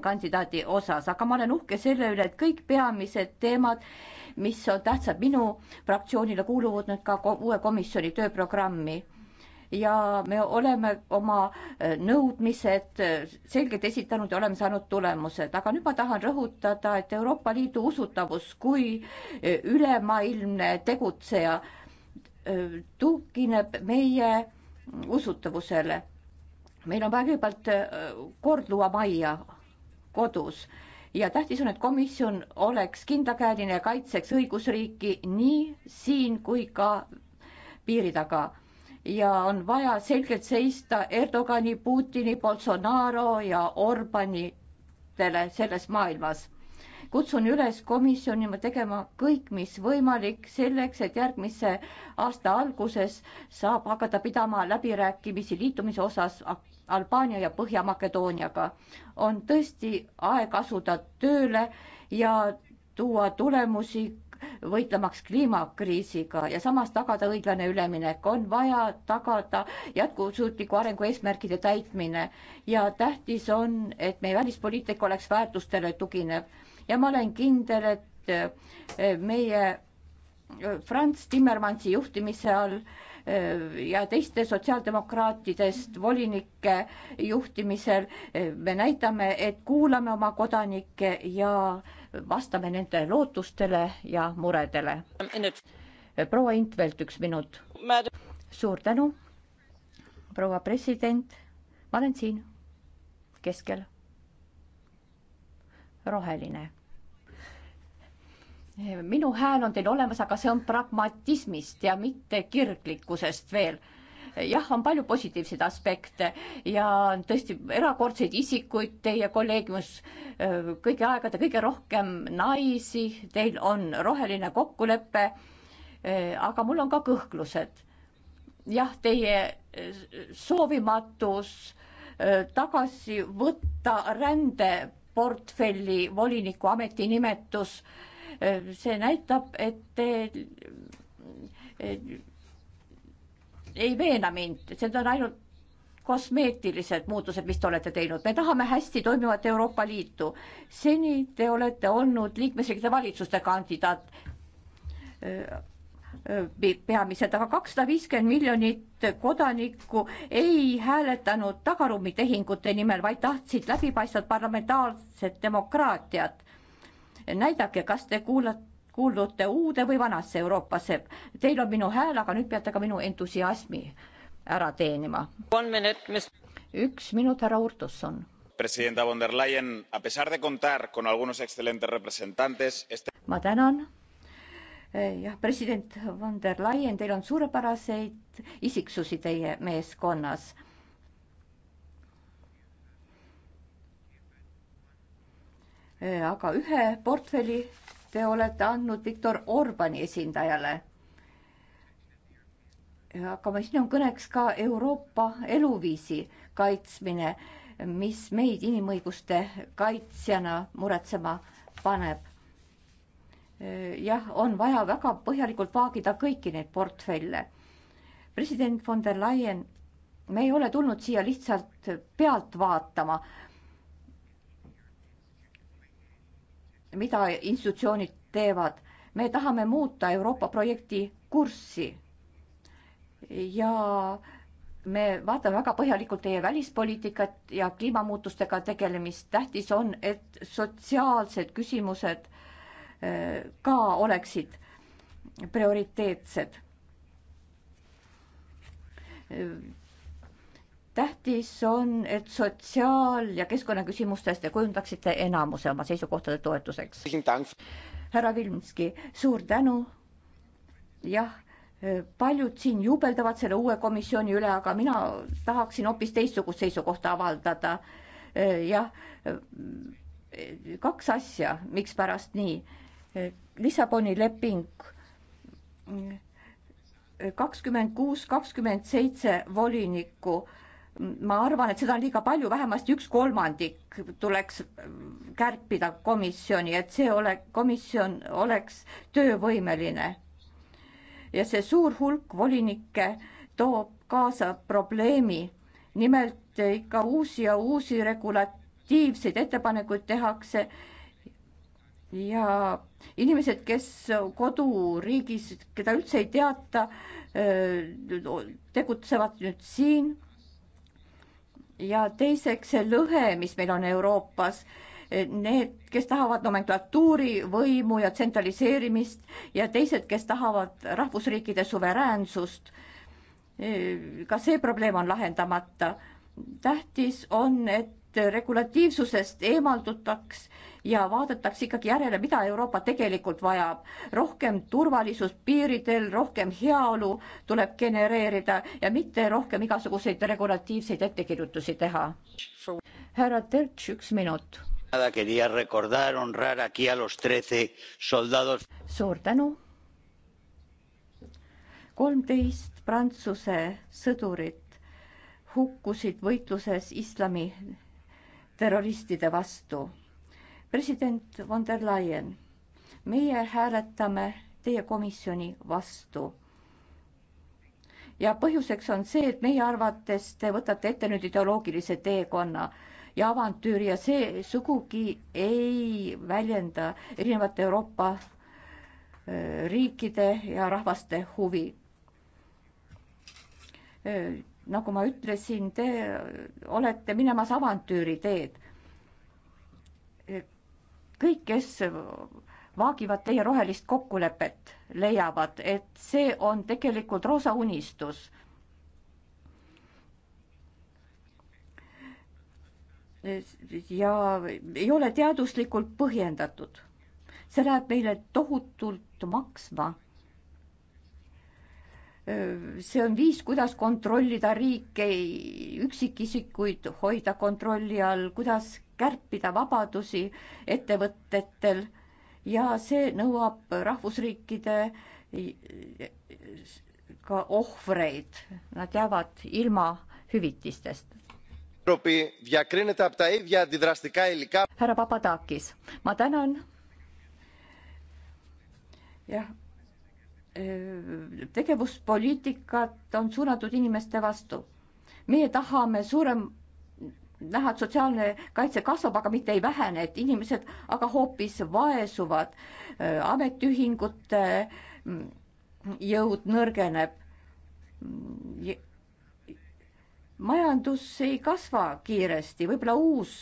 kandidaadi osas, aga ma olen uhke selle üle, et kõik peamised teemad, mis on tähtsad minu fraktsioonile, kuuluvad nüüd ka uue komisjoni tööprogrammi. ja me oleme oma äh, nõudmised äh, selgelt esitanud ja oleme saanud tulemused, aga nüüd ma tahan rõhutada, et Euroopa Liidu usutavus kui äh, ülemaailmne tegutseja tugineb meie usutavusele meil on kõigepealt kord luua majja kodus ja tähtis on, et komisjon oleks kindlakäeline ja kaitseks õigusriiki nii siin kui ka piiri taga ja on vaja selgelt seista Erdogani, Putini, Bolsonaro ja Orbanitele selles maailmas. kutsun üles komisjoni tegema kõik, mis võimalik selleks, et järgmise aasta alguses saab hakata pidama läbirääkimisi liitumise osas Albaania ja Põhja-Makedooniaga. on tõesti aeg asuda tööle ja tuua tulemusi võitlemaks kliimakriisiga ja samas tagada õiglane üleminek, on vaja tagada jätkusuutliku arengu eesmärkide täitmine ja tähtis on, et meie välispoliitika oleks väärtustele tuginev ja ma olen kindel, et eh, meie eh, Franz Timmermansi juhtimise all ja teiste sotsiaaldemokraatidest volinike juhtimisel me näitame, et kuulame oma kodanikke ja vastame nende lootustele ja muredele. proua Intvelt, üks minut. suur tänu, proua president. ma olen siin keskel. roheline minu hääl on teil olemas, aga see on pragmatismist ja mitte kirglikkusest veel. jah, on palju positiivseid aspekte ja on tõesti erakordseid isikuid teie kolleegiumis, kõigi aegade kõige rohkem naisi, teil on roheline kokkulepe. aga mul on ka kõhklused. jah, teie soovimatus eh, tagasi võtta rändeportfelli voliniku ametinimetus see näitab, et te ei veena mind, see on ainult kosmeetilised muutused, mis te olete teinud, me tahame hästi toimivat Euroopa Liitu. seni te olete olnud liikmesriikide valitsuste kandidaat peamiselt, aga kakssada viiskümmend miljonit kodanikku ei hääletanud tagaruumitehingute nimel, vaid tahtsid läbipaistvat parlamentaarset demokraatiat näidake, kas te kuulate kuuldute uude või vanasse Euroopasse. Teil on minu hääl, aga nüüd peate ka minu entusiasmi ära teenima. üks minut, härra Urtusson. Presidenta von der Leyen, a pesar de contar con algunos excelentes representantes este.... ma tänan. Eh, jah, president von der Leyen, teil on suurepäraseid isiksusi teie meeskonnas Äh, aga ühe portfelli te olete andnud Viktor Orbani esindajale. Äh, aga siin on kõneks ka Euroopa eluviisi kaitsmine, mis meid inimõiguste kaitsjana muretsema paneb äh, jah, on vaja väga põhjalikult vaagida kõiki neid portfelle. president von der Leyen, me ei ole tulnud siia lihtsalt pealt vaatama, mida institutsioonid teevad. me tahame muuta Euroopa projekti kurssi. ja me vaatame väga põhjalikult teie välispoliitikat ja kliimamuutustega tegelemist. tähtis on, et sotsiaalsed küsimused eh, ka oleksid prioriteetsed eh, tähtis on, et sotsiaal- ja keskkonnaküsimustes te kujundaksite enamuse oma seisukohtade toetuseks. härra Vilmski, suur tänu. jah, paljud siin jubeldavad selle uue komisjoni üle, aga mina tahaksin hoopis teistsugust seisukohta avaldada. jah, kaks asja, mikspärast nii. Lissaboni leping kakskümmend kuus, kakskümmend seitse volinikku ma arvan, et seda on liiga palju, vähemasti üks kolmandik tuleks kärpida komisjoni, et see ole, komisjon oleks töövõimeline. ja see suur hulk volinikke toob kaasa probleemi. nimelt ikka uusi ja uusi regulatiivseid ettepanekuid tehakse ja inimesed, kes koduriigis, keda üldse ei teata, tegutsevad nüüd siin ja teiseks see lõhe, mis meil on Euroopas, need, kes tahavad nomenklatuuri võimu ja tsentraliseerimist ja teised, kes tahavad rahvusriikide suveräänsust. ka see probleem on lahendamata. tähtis on, et regulatiivsusest eemaldutaks ja vaadatakse ikkagi järele, mida Euroopa tegelikult vajab. rohkem turvalisust piiridel, rohkem heaolu tuleb genereerida ja mitte rohkem igasuguseid regulatiivseid ettekirjutusi teha. härra Terts, üks minut. suur tänu. kolmteist Prantsuse sõdurit hukkusid võitluses islami terroristide vastu. president von der Leyen, meie hääletame teie komisjoni vastu ja põhjuseks on see, et meie arvates te võtate ette nüüd ideoloogilise teekonna ja avantüüri ja see sugugi ei väljenda erinevate Euroopa äh, riikide ja rahvaste huvi. Äh, nagu ma ütlesin, te olete minemas avantüüri teed. kõik, kes vaagivad teie rohelist kokkulepet, leiavad, et see on tegelikult roosa unistus. ja ei ole teaduslikult põhjendatud. see läheb meile tohutult maksma see on viis, kuidas kontrollida riike, üksikisikuid hoida kontrolli all, kuidas kärpida vabadusi ettevõtetel ja see nõuab rahvusriikide ka ohvreid, nad jäävad ilma hüvitistest. härra Papadakis, ma tänan. jah tegevuspoliitikat on suunatud inimeste vastu. meie tahame suurem, näha, et sotsiaalne kaitse kasvab, aga mitte ei vähene, et inimesed aga hoopis vaesuvad, ametiühingute jõud nõrgeneb. majandus ei kasva kiiresti, võib-olla uus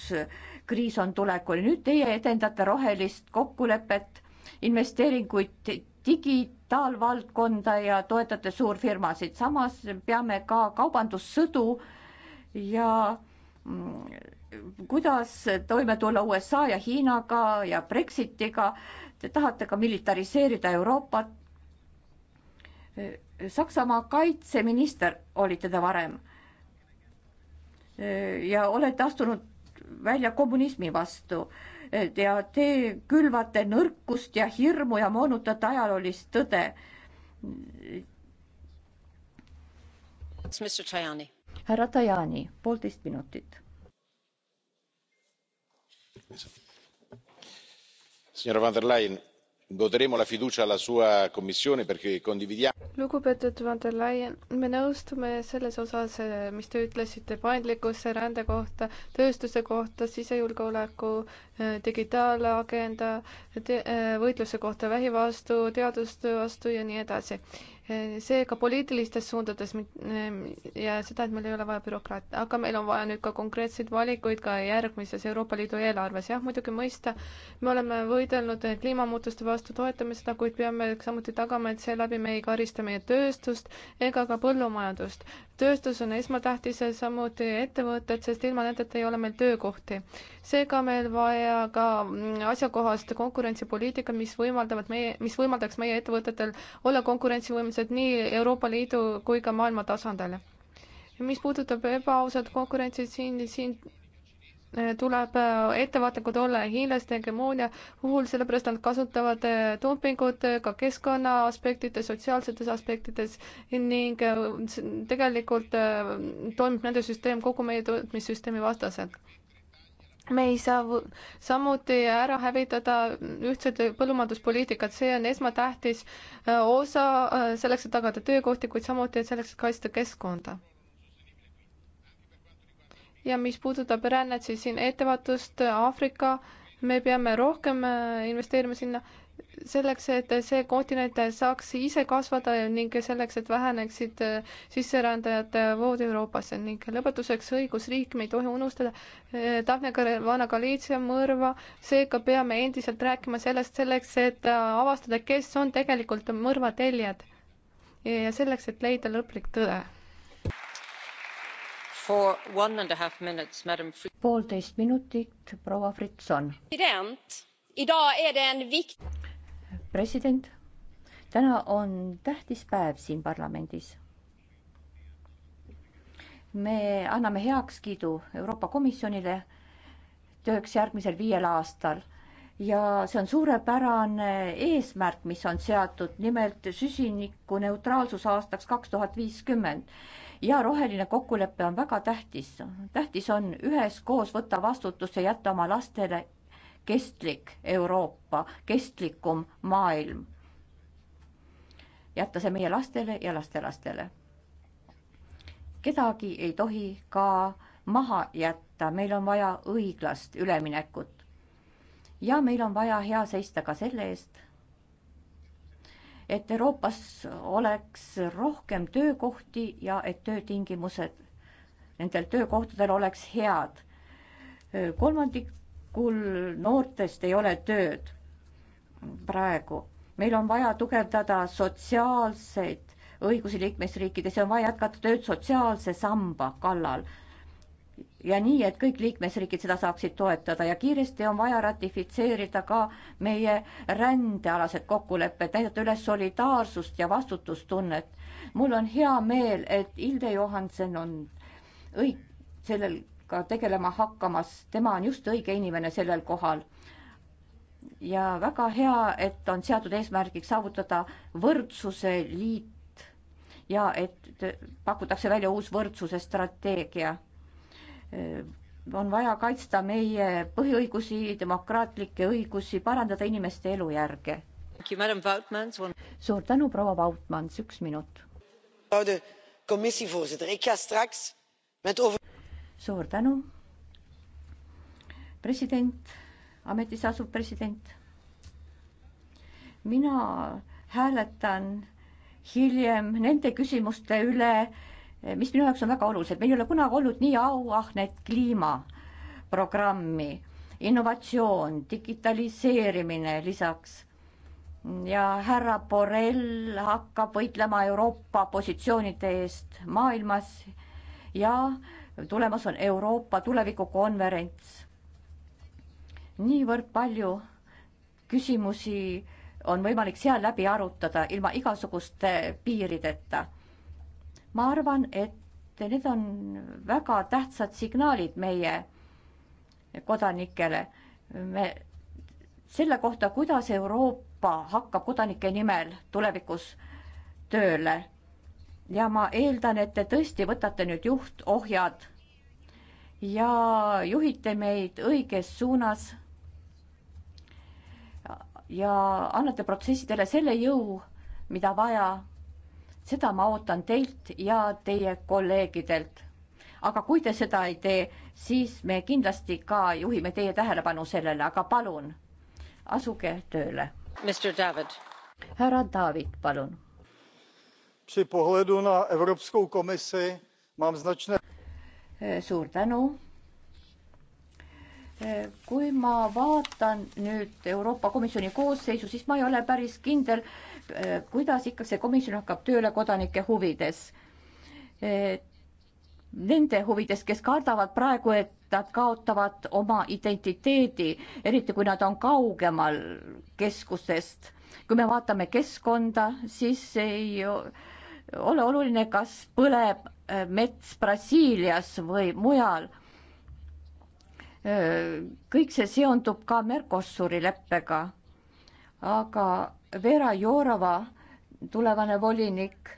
kriis on tulekul, nüüd teie edendate rohelist kokkulepet, investeeringuid digitaalvaldkonda ja toetate suurfirmasid, samas peame ka kaubandussõdu ja mm, kuidas toime tulla USA ja Hiinaga ja Brexitiga. Te tahate ka militariseerida Euroopat. Saksamaa kaitseminister olite te varem. ja olete astunud välja kommunismi vastu ja te külvate nõrkust ja hirmu ja moonutate ajaloolist tõde. härra Tajani, poolteist minutit. Signora von der Leyen, voteremo la fiducia alla sua commissione perché condividiamo. lugupeetud von der Leyen, me nõustume selles osas, eh, mis te ütlesite paindlikkuse, rände kohta, tööstuse kohta, sisejulgeoleku, eh, digitaalagenda, eh, võitluse kohta vähi vastu, teaduste vastu ja nii edasi seega poliitilistes suundades ehm, ja seda, et meil ei ole vaja bürokraate, aga meil on vaja nüüd ka konkreetseid valikuid ka järgmises Euroopa Liidu eelarves, jah, muidugi mõista, me oleme võidelnud kliimamuutuste vastu, toetame seda, kuid peame samuti tagama, et seeläbi me ei karista meie tööstust ega ka põllumajandust. tööstus on esmatähtis, samuti ettevõtted, sest ilma nendeta ei ole meil töökohti. seega meil vaja ka mm, asjakohast konkurentsipoliitikat, mis võimaldavad meie, mis võimaldaks meie ettevõtetel olla konkurentsivõimelised võrdlused nii Euroopa Liidu kui ka maailma tasandil. mis puudutab ebaausat konkurentsi siin, siin äh, tuleb äh, ettevaatlikud olla hiinlaste hegemoonia puhul, sellepärast nad kasutavad äh, dumpingut ka keskkonna aspektides, sotsiaalsetes aspektides ning tegelikult toimib nende süsteem kogu meie tootmissüsteemi vastaselt me ei saa samuti ära hävitada ühtset põllumajanduspoliitikat, see on esmatähtis äh, osa äh, selleks, et tagada töökohti, kuid samuti selleks, et kaitsta keskkonda. ja mis puudutab rännet, siis siin ettevaatust äh, Aafrika, me peame rohkem investeerima sinna selleks, et see kontinent saaks ise kasvada ning selleks, et väheneksid sisserändajate vood Euroopasse ning lõpetuseks õigusriik, me ei tohi unustada eh, Daphne Caruana Galizia mõrva, seega peame endiselt rääkima sellest selleks, et avastada, kes on tegelikult mõrva tellijad ja selleks, et leida lõplik tõde. poolteist minutit, proua Fritson. president, täna on oluline president, täna on tähtis päev siin parlamendis. me anname heakskiidu Euroopa Komisjonile tööks järgmisel viiel aastal ja see on suurepärane eesmärk, mis on seatud, nimelt süsinikuneutraalsus aastaks kaks tuhat viiskümmend ja roheline kokkulepe on väga tähtis. tähtis on üheskoos võtta vastutust ja jätta oma lastele kestlik Euroopa, kestlikum maailm. jätta see meie lastele ja lastelastele. kedagi ei tohi ka maha jätta, meil on vaja õiglast üleminekut. ja meil on vaja hea seista ka selle eest, et Euroopas oleks rohkem töökohti ja et töötingimused nendel töökohtadel oleks head. kolmandik enamikul noortest ei ole tööd praegu. meil on vaja tugevdada sotsiaalseid õigusi liikmesriikides ja on vaja jätkata tööd sotsiaalse samba kallal. ja nii, et kõik liikmesriigid seda saaksid toetada ja kiiresti on vaja ratifitseerida ka meie rändealased kokkulepped, näidata üles solidaarsust ja vastutustunnet. mul on hea meel, et Ilde Johansen on õig-, sellel poliitikaga tegelema hakkamas, tema on just õige inimene sellel kohal. ja väga hea, et on seatud eesmärgiks saavutada võrdsuse liit ja et pakutakse välja uus võrdsuse strateegia. on vaja kaitsta meie põhiõigusi, demokraatlikke õigusi, parandada inimeste elujärge. suur tänu, proua Vautmans, üks minut voorzitter ik ga straks met suur tänu, president, ametisse asuv president. mina hääletan hiljem nende küsimuste üle, mis minu jaoks on väga olulised, meil ei ole kunagi olnud nii auahnet kliimaprogrammi, innovatsioon, digitaliseerimine lisaks. ja härra Borrell hakkab võitlema Euroopa positsioonide eest maailmas ja äh, tulemas on Euroopa tulevikukonverents. niivõrd palju küsimusi on võimalik seal läbi arutada ilma igasuguste piirideta. ma arvan, et need on väga tähtsad signaalid meie kodanikele. me selle kohta, kuidas Euroopa hakkab kodanike nimel tulevikus tööle ja ma eeldan, et te tõesti võtate nüüd juhtohjad ja juhite meid õiges suunas ja annate protsessidele selle jõu, mida vaja. seda ma ootan teilt ja teie kolleegidelt. aga kui te seda ei tee, siis me kindlasti ka juhime teie tähelepanu sellele, aga palun asuge tööle. härra David, palun při pohledu na Evropskou komisi mám značné eh, suur tänu. Eh, kui ma vaatan nüüd Euroopa Komisjoni koosseisu, siis ma ei ole päris kindel, eh, kuidas ikka see komisjon hakkab tööle kodanike huvides. Nende huvides, kes kardavad praegu, et nad kaotavad oma identiteedi, eriti kui nad on kaugemal keskustest. kui me vaatame keskkonda, siis ei ole oluline, kas põleb äh, mets Brasiilias või mujal. Äh, kõik see seondub ka Mercosuri leppega. aga Vera Jourova, tulevane volinik,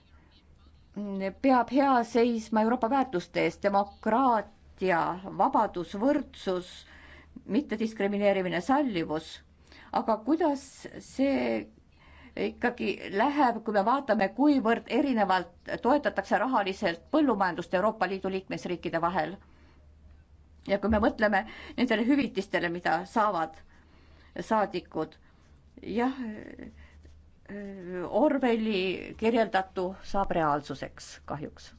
peab hea seisma Euroopa väärtuste eest, demokraatia, vabadus, võrdsus, mittediskrimineerimine, sallivus. aga kuidas see ikkagi läheb, kui me vaatame, kuivõrd erinevalt toetatakse rahaliselt põllumajandust Euroopa Liidu liikmesriikide vahel. ja kui me mõtleme nendele hüvitistele, mida saavad saadikud, jah, Orwelli kirjeldatu saab reaalsuseks kahjuks.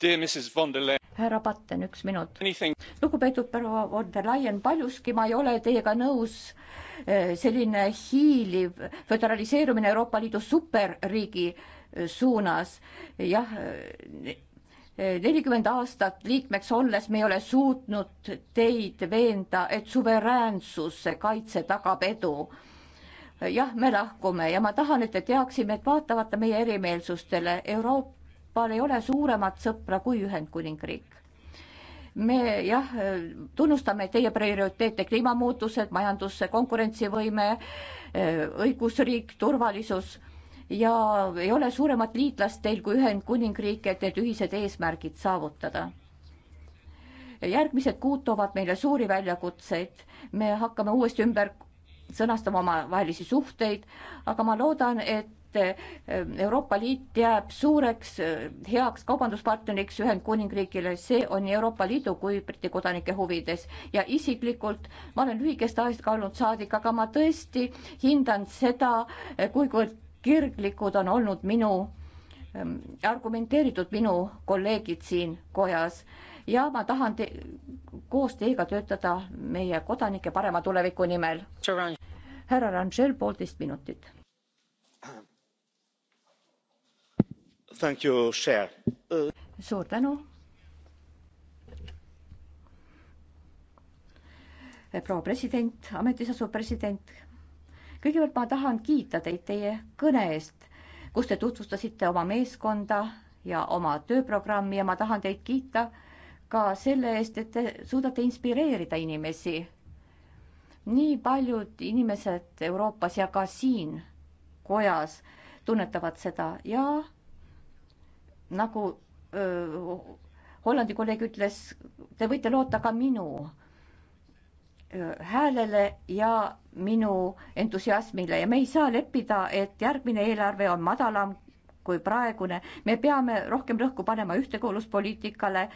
Dear Mrs Von der Leyen härra Patten, üks minut. lugupeetud proua von der Leyen, paljuski ma ei ole teiega nõus, eh, selline hiiliv föderaliseerumine Euroopa Liidu superriigi eh, suunas, jah, eh, nelikümmend aastat liikmeks olles me ei ole suutnud teid veenda, et suveräänsuse kaitse tagab edu jah, me lahkume ja ma tahan, et te teaksime, et vaatamata meie erimeelsustele Euroopa Euroopal ei ole suuremat sõpra kui Ühendkuningriik. me jah, tunnustame teie prioriteete, kliimamuutused, majanduse konkurentsivõime, õigusriik, turvalisus ja ei ole suuremat liitlast teil kui Ühendkuningriik, et need ühised eesmärgid saavutada järgmised kuud toovad meile suuri väljakutseid, me hakkame uuesti ümber sõnastama omavahelisi suhteid, aga ma loodan, et et eh, Euroopa Liit jääb suureks eh, heaks kaubanduspartneriks Ühendkuningriigile, see on nii Euroopa Liidu kui Briti kodanike huvides ja isiklikult ma olen lühikest aega olnud saadik, aga ma tõesti hindan seda, eh, kuivõrd kirglikud on olnud minu argumenteeritud minu kolleegid siin kojas ja ma tahan te koos teiega töötada meie kodanike parema tuleviku nimel. härra Rangel, poolteist minutit Uh, suur tänu. proua president, ametis asuv president. kõigepealt ma tahan kiita teid teie kõne eest, kus te tutvustasite oma meeskonda ja oma tööprogrammi ja ma tahan teid kiita ka selle eest, et te suudate inspireerida inimesi. nii paljud inimesed Euroopas ja ka siin kojas tunnetavad seda ja nagu öö, Hollandi kolleeg ütles, te võite loota ka minu häälele ja minu entusiasmile ja me ei saa leppida, et järgmine eelarve on madalam kui praegune. me peame rohkem rõhku panema ühtekuuluvuspoliitikale.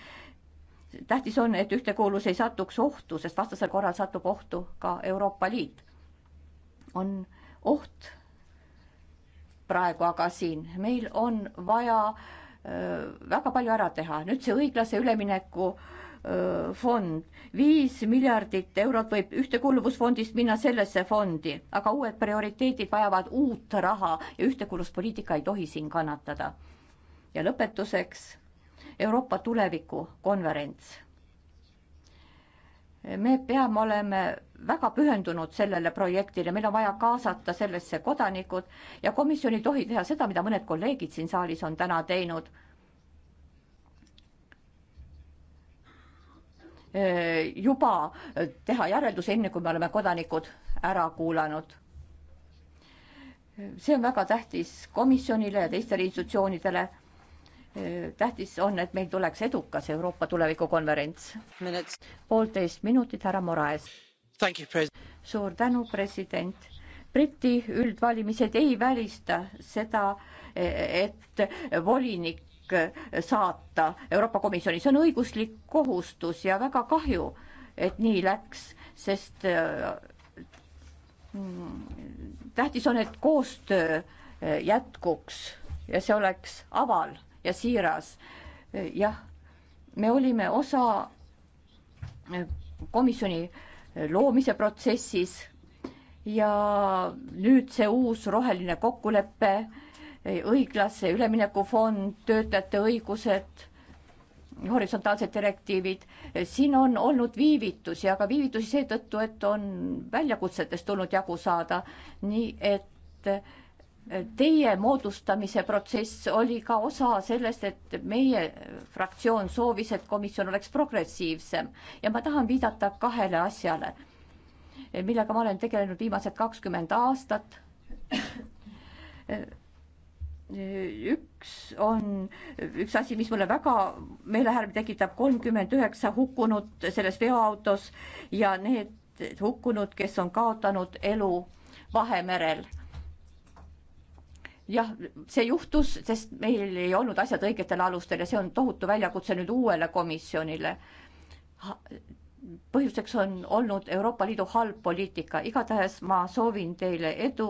tähtis on, et ühtekuuluvus ei satuks ohtu, sest vastasel korral satub ohtu ka Euroopa Liit. on oht praegu aga siin, meil on vaja äh, Äh, väga palju ära teha. nüüd see õiglase ülemineku äh, fond, viis miljardit eurot võib ühtekuuluvusfondist minna sellesse fondi, aga uued prioriteedid vajavad uut raha ja ühtekuuluvuspoliitika ei tohi siin kannatada. ja lõpetuseks Euroopa tulevikukonverents me peame olema väga pühendunud sellele projektile, meil on vaja kaasata sellesse kodanikud ja komisjon ei tohi teha seda, mida mõned kolleegid siin saalis on täna teinud. juba teha järeldusi, enne kui me oleme kodanikud ära kuulanud. see on väga tähtis komisjonile ja teistele institutsioonidele tähtis on, et meil tuleks edukas Euroopa tulevikukonverents. poolteist minutit, härra Moraes. suur tänu, president. Briti üldvalimised ei välista seda, et volinik saata Euroopa Komisjoni, see on õiguslik kohustus ja väga kahju, et nii läks, sest mm, tähtis on, et koostöö jätkuks ja see oleks aval ja siiras. jah, me olime osa eh, komisjoni eh, loomise protsessis ja nüüd see uus roheline kokkulepe, eh, õiglase ülemineku fond, töötajate õigused, horisontaalsed direktiivid, siin on olnud viivitusi, aga viivitusi seetõttu, et on väljakutsetest tulnud jagu saada, nii et Teie moodustamise protsess oli ka osa sellest, et meie fraktsioon soovis, et komisjon oleks progressiivsem ja ma tahan viidata kahele asjale, millega ma olen tegelenud viimased kakskümmend aastat. üks on üks asi, mis mulle väga meelehärmi tekitab, kolmkümmend üheksa hukkunut selles veoautos ja need hukkunud, kes on kaotanud elu Vahemerel jah, see juhtus, sest meil ei olnud asjad õigetel alustel ja see on tohutu väljakutse nüüd uuele komisjonile. põhjuseks on olnud Euroopa Liidu halb poliitika, igatahes ma soovin teile edu,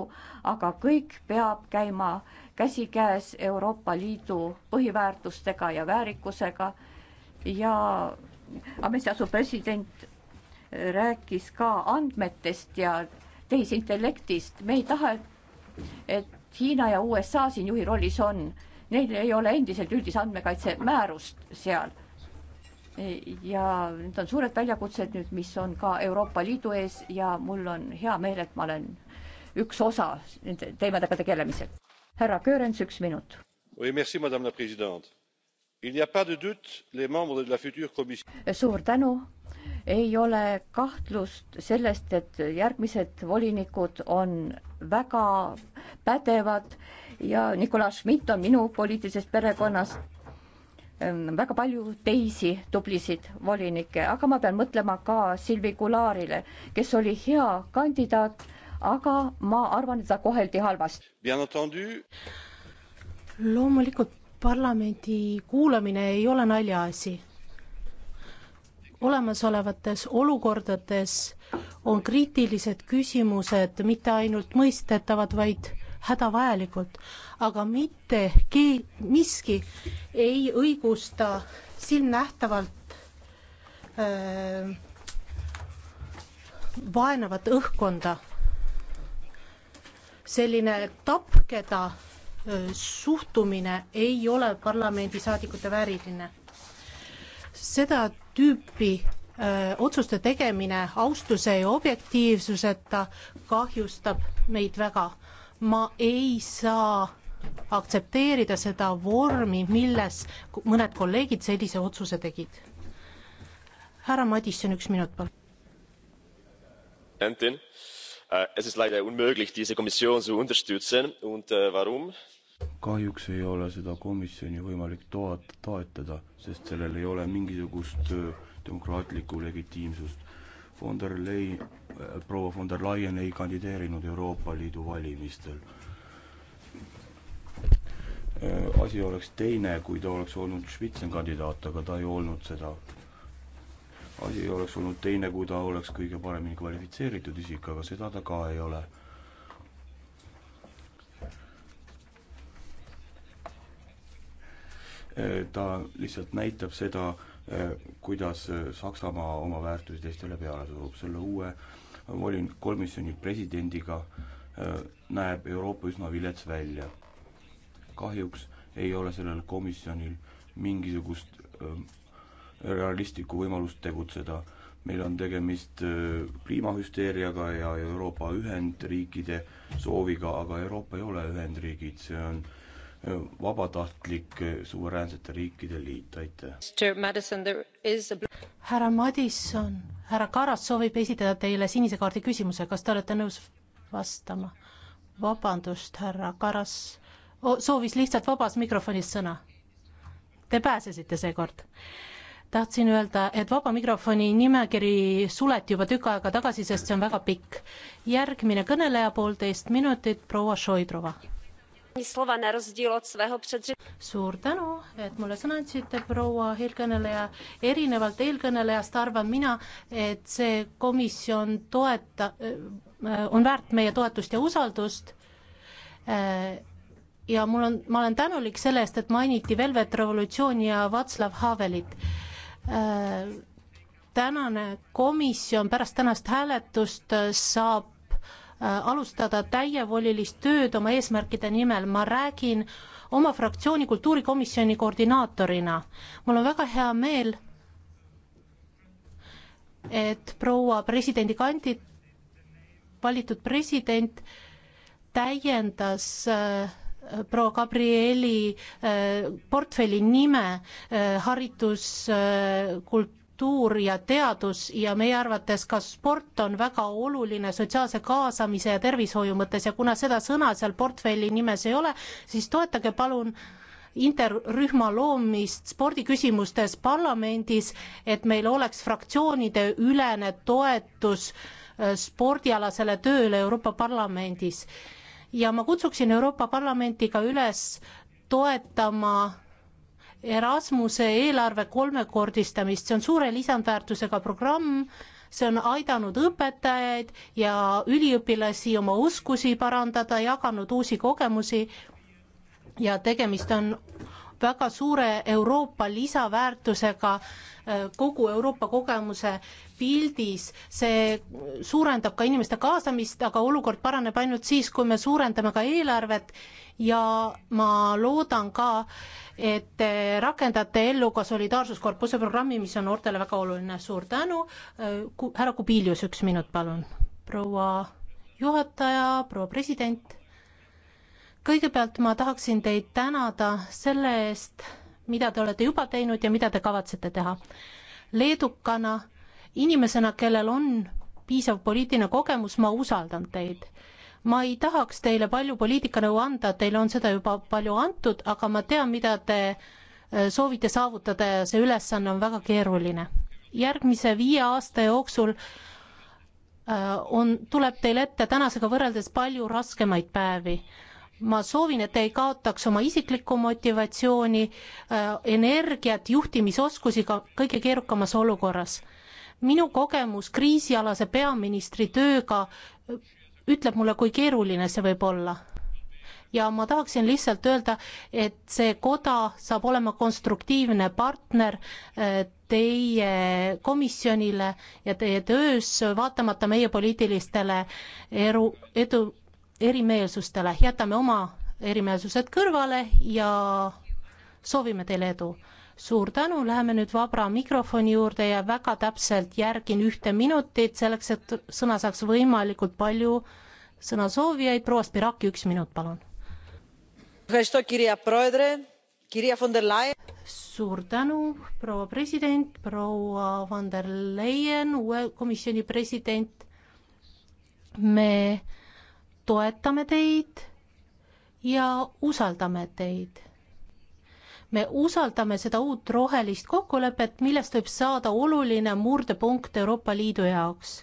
aga kõik peab käima käsikäes Euroopa Liidu põhiväärtustega ja väärikusega. ja ametiasu president rääkis ka andmetest ja tehisintellektist, me ei taha, et Hiina ja USA siin juhi rollis on, neil ei ole endiselt üldise andmekaitse määrust seal. ja need on suured väljakutsed nüüd, mis on ka Euroopa Liidu ees ja mul on hea meel, et ma olen üks osa nende teemadega tegelemisel. härra Köörens, üks minut. suur tänu ei ole kahtlust sellest, et järgmised volinikud on väga pädevad ja Nicolas Schmidt on minu poliitilisest perekonnast ehm, väga palju teisi tublisid volinikke, aga ma pean mõtlema ka Silvi Kulaarile, kes oli hea kandidaat, aga ma arvan, et ta koheldi halvasti. loomulikult parlamendi kuulamine ei ole naljaasi olemasolevates olukordades on kriitilised küsimused mitte ainult mõistetavad, vaid hädavajalikud, aga mitte keel, miski ei õigusta silmnähtavalt öö, äh, vaenavat õhkkonda. selline tapkeda öö, äh, suhtumine ei ole parlamendisaadikute vääriline. seda, et tüüpi öö, äh, otsuste tegemine austuse ja objektiivsuseta kahjustab meid väga. ma ei saa aktsepteerida seda vormi, milles mõned kolleegid sellise otsuse tegid. härra Madisson, üks minut, palun. Äh, es ist leider unmöglich, diese Kommission zu unterstützen. Und äh, warum? kahjuks ei ole seda komisjoni võimalik toat-, toetada, sest sellel ei ole mingisugust äh, demokraatlikku legitiimsust. Von der Leyen, äh, proua von der Leyen ei kandideerinud Euroopa Liidu valimistel. Äh, asi oleks teine, kui ta oleks olnud spitsenkandidaat, aga ta ei olnud seda. asi oleks olnud teine, kui ta oleks kõige paremini kvalifitseeritud isik, aga seda ta ka ei ole Eh, ta lihtsalt näitab seda, eh, kuidas eh, Saksamaa oma väärtusi teistele peale surub. selle uue volinikkomisjoni presidendiga näeb Euroopa üsna vilets välja. kahjuks ei ole sellel komisjonil mingisugust realistlikku võimalust tegutseda. meil on tegemist kliimahüsteeriaga ja Euroopa Ühendriikide sooviga, aga Euroopa ei ole Ühendriigid, see on äh, vabatahtlik suveräänsete riikide liit, aitäh. härra Madisson, härra Karas soovib esitada teile sinise kaardi küsimuse, kas te olete nõus vastama? vabandust, härra Karas o soovis lihtsalt vabas mikrofonis sõna. Te pääsesite seekord tahtsin öelda, et vaba mikrofoni nimekiri suleti juba tükk aega tagasi, sest see on väga pikk. järgmine kõneleja, poolteist minutit, proua Šoidrova suur tänu, et mulle sõna andsite, proua eelkõneleja. erinevalt eelkõnelejast arvan mina, et see komisjon toeta-, äh, on väärt meie toetust ja usaldust äh, ja mul on, ma olen tänulik selle eest, et mainiti Velvet Revolutsiooni ja Václav Havelit äh,. tänane komisjon pärast tänast hääletust saab Äh, alustada täievolilist tööd oma eesmärkide nimel, ma räägin oma fraktsiooni kultuurikomisjoni koordinaatorina. mul on väga hea meel, et proua presidendikandid, valitud president täiendas äh, proua Gabrieli äh, portfelli nime äh, haritus äh,, kult-, kultuur ja teadus ja meie arvates ka sport on väga oluline sotsiaalse kaasamise ja tervishoiu mõttes ja kuna seda sõna seal portfelli nimes ei ole, siis toetage palun interrühma loomist spordiküsimustes parlamendis, et meil oleks fraktsioonide ülene toetus äh, spordialasele tööle Euroopa Parlamendis. ja ma kutsuksin Euroopa Parlamenti ka üles toetama Erasmuse eelarve kolmekordistamist, see on suure lisandväärtusega programm, see on aidanud õpetajaid ja üliõpilasi oma oskusi parandada, jaganud uusi kogemusi ja tegemist on väga suure Euroopa lisaväärtusega äh, kogu Euroopa kogemuse pildis, see suurendab ka inimeste kaasamist, aga olukord paraneb ainult siis, kui me suurendame ka eelarvet ja ma loodan ka, et te rakendate ellu ka Solidaarsuskorpuse programmi, mis on noortele väga oluline. suur tänu, äh, härra Kubilius, üks minut, palun. proua juhataja, proua president, kõigepealt ma tahaksin teid tänada selle eest, mida te olete juba teinud ja mida te kavatsete teha. leedukana, inimesena, kellel on piisav poliitiline kogemus, ma usaldan teid ma ei tahaks teile palju poliitikanõu anda, teile on seda juba palju antud, aga ma tean, mida te äh, soovite saavutada ja see ülesanne on väga keeruline. järgmise viie aasta jooksul äh, on, tuleb teil ette tänasega võrreldes palju raskemaid päevi. ma soovin, et te ei kaotaks oma isiklikku motivatsiooni, äh, energiat, juhtimisoskusi ka kõige keerukamas olukorras. minu kogemus kriisialase peaministri tööga ütleb mulle, kui keeruline see võib olla. ja ma tahaksin lihtsalt öelda, et see koda saab olema konstruktiivne partner eh, teie komisjonile ja teie töös, vaatamata meie poliitilistele eru, edu, erimeelsustele, jätame oma erimeelsused kõrvale ja soovime teile edu suur tänu, läheme nüüd vabra mikrofoni juurde ja väga täpselt järgin ühte minutit selleks, et sõna saaks võimalikult palju sõnasoovijaid. proua Spiraki, üks minut, palun. suur tänu, proua president, proua von der Leyen, uue komisjoni president. me toetame teid ja usaldame teid me usaldame seda uut rohelist kokkulepet, millest võib saada oluline murdepunkt Euroopa Liidu jaoks.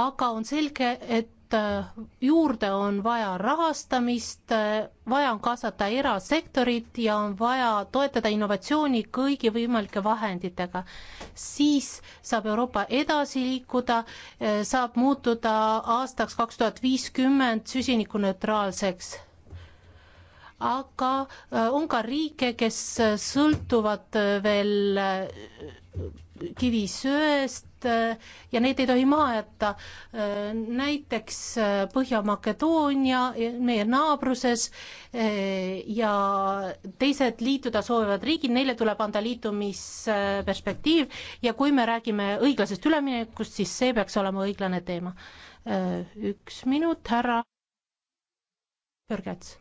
aga on selge, et äh, juurde on vaja rahastamist, äh, vaja on kaasata erasektorit ja on vaja toetada innovatsiooni kõigi võimalike vahenditega. siis saab Euroopa edasi liikuda, äh, saab muutuda aastaks kaks tuhat viiskümmend süsinikuneutraalseks aga äh, on ka riike, kes äh, sõltuvad äh, veel kivisöest ja neid ei tohi maha jätta. näiteks Põhja-Makedoonia meie naabruses ja teised liituda soovivad riigid, neile tuleb anda liitumisperspektiiv ja kui me räägime õiglasest üleminekust, siis see peaks olema õiglane teema. üks minut, härra Pürgets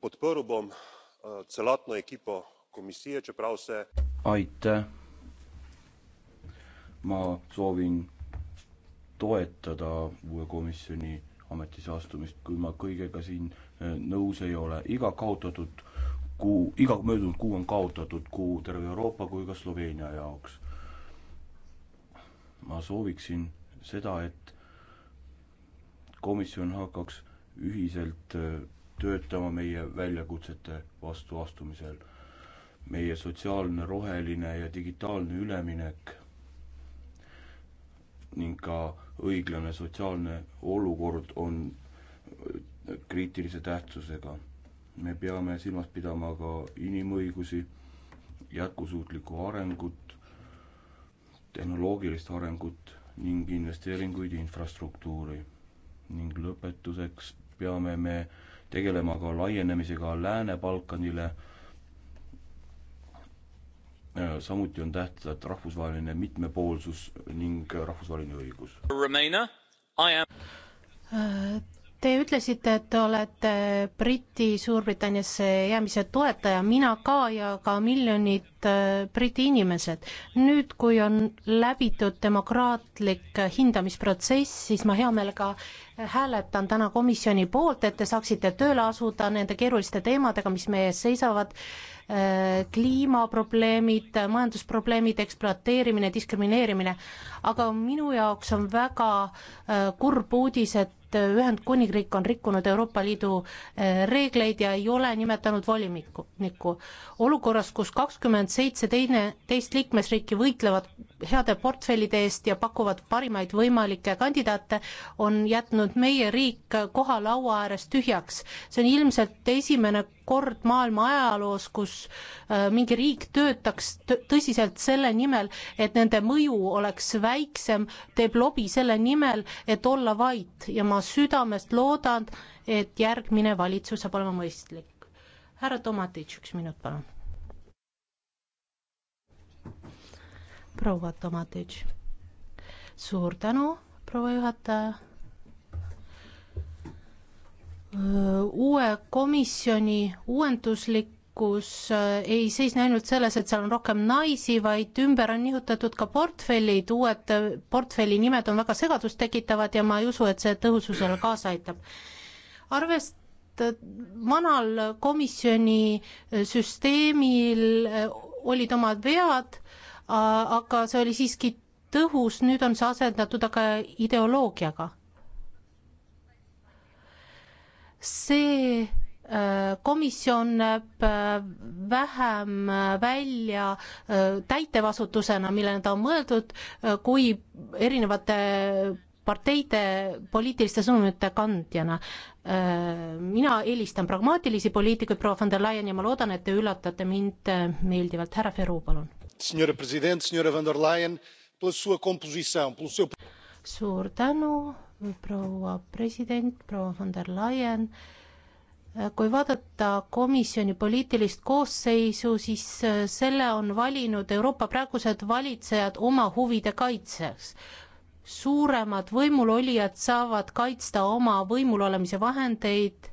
podprl bom eh, celotno ekipo komisije, čeprav se. aitäh. ma soovin toetada uue komisjoni ametisse astumist, kui ma kõigega siin eh, nõus ei ole. iga kaotatud kuu, iga möödunud kuu on kaotatud kuu terve Euroopa kui ka Sloveenia jaoks. ma sooviksin seda, et komisjon hakkaks ühiselt eh, töötama meie väljakutsete vastu astumisel. meie sotsiaalne, roheline ja digitaalne üleminek ning ka õiglane sotsiaalne olukord on kriitilise tähtsusega. me peame silmas pidama ka inimõigusi, jätkusuutlikku arengut, tehnoloogilist arengut ning investeeringuid infrastruktuuri. ning lõpetuseks peame me tegelema ka laienemisega Lääne-Balkanile. Äh, samuti on tähtsad rahvusvaheline mitmepoolsus ning rahvusvaheline õigus. Te ütlesite, et te olete Briti Suurbritanniasse jäämise toetaja, mina ka ja ka miljonid äh, Briti inimesed. nüüd, kui on läbitud demokraatlik hindamisprotsess, siis ma hea meelega hääletan täna komisjoni poolt, et te saaksite tööle asuda nende keeruliste teemadega, mis meie ees seisavad, äh, kliimaprobleemid, majandusprobleemid, ekspluateerimine, diskrimineerimine, aga minu jaoks on väga äh, kurb uudis, et et Ühendkuningriik on rikkunud Euroopa Liidu eh, reegleid ja ei ole nimetanud volinikku. olukorras, kus kakskümmend seitse teine, teist liikmesriiki võitlevad heade portfellide eest ja pakuvad parimaid võimalikke kandidaate, on jätnud meie riik koha laua ääres tühjaks. see on ilmselt esimene kord maailma ajaloos, kus äh, mingi riik töötaks tõsiselt selle nimel, et nende mõju oleks väiksem, teeb lobi selle nimel, et olla vait ja ma südamest loodan, et järgmine valitsus saab olema mõistlik. härra Tomatitš, üks minut, palun proua Tomatitš. suur tänu, proua juhataja. uue komisjoni uuenduslik kus ei seisne ainult selles, et seal on rohkem naisi, vaid ümber on nihutatud ka portfellid, uued portfelli nimed on väga segadust tekitavad ja ma ei usu, et see tõhususele kaasa aitab. arvest-, vanal komisjoni süsteemil olid omad vead aga see oli siiski tõhus, nüüd on see asendatud aga ideoloogiaga. see äh, komisjon näeb äh, vähem äh, välja täitevasutusena, millena ta on mõeldud, kui erinevate parteide poliitiliste sõnumite kandjana. mina eelistan pragmaatilisi poliitikuid, proua von der Leyen, ja ma loodan, et te üllatate mind meeldivalt. härra Ferru, palun senhora presidente senhora von der Leyen pela sua composição pelo seu suur tänu, proua president, proua von der Leyen. kui vaadata komisjoni poliitilist koosseisu, siis äh, selle on valinud Euroopa praegused valitsejad oma huvide kaitseks. suuremad võimulolijad saavad kaitsta oma võimul olemise vahendeid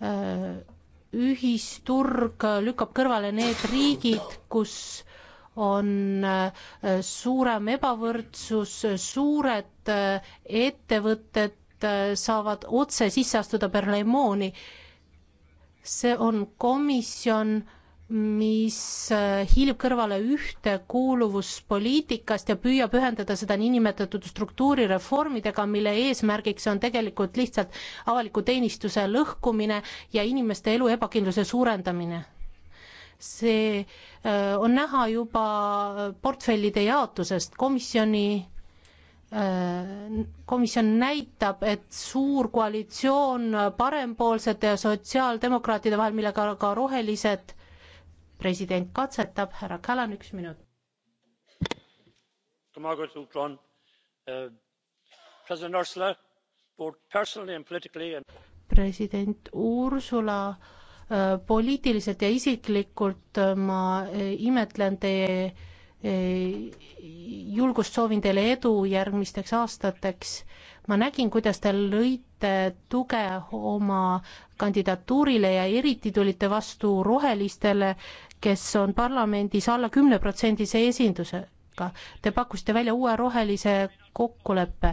äh, ühisturg lükkab kõrvale need riigid, kus on äh, suurem ebavõrdsus, suured äh, ettevõtted äh, saavad otse sisse astuda Berlemooni. see on komisjon mis äh, hiilib kõrvale ühtekuuluvuspoliitikast ja püüab ühendada seda niinimetatud struktuurireformidega, mille eesmärgiks on tegelikult lihtsalt avaliku teenistuse lõhkumine ja inimeste elu ebakindluse suurendamine. see äh, on näha juba äh, portfellide jaotusest, komisjoni komisjon näitab, et suur koalitsioon parempoolsete ja sotsiaaldemokraatide vahel, millega ka rohelised president katsetab, härra Kallan, üks minut. president Ursula, äh, poliitiliselt ja isiklikult äh, ma äh, imetlen teie julgust, soovin teile edu järgmisteks aastateks. ma nägin, kuidas te lõite tuge oma kandidatuurile ja eriti tulite vastu rohelistele, kes on parlamendis alla kümneprotsendise esindusega. Te pakkusite välja uue rohelise kokkuleppe.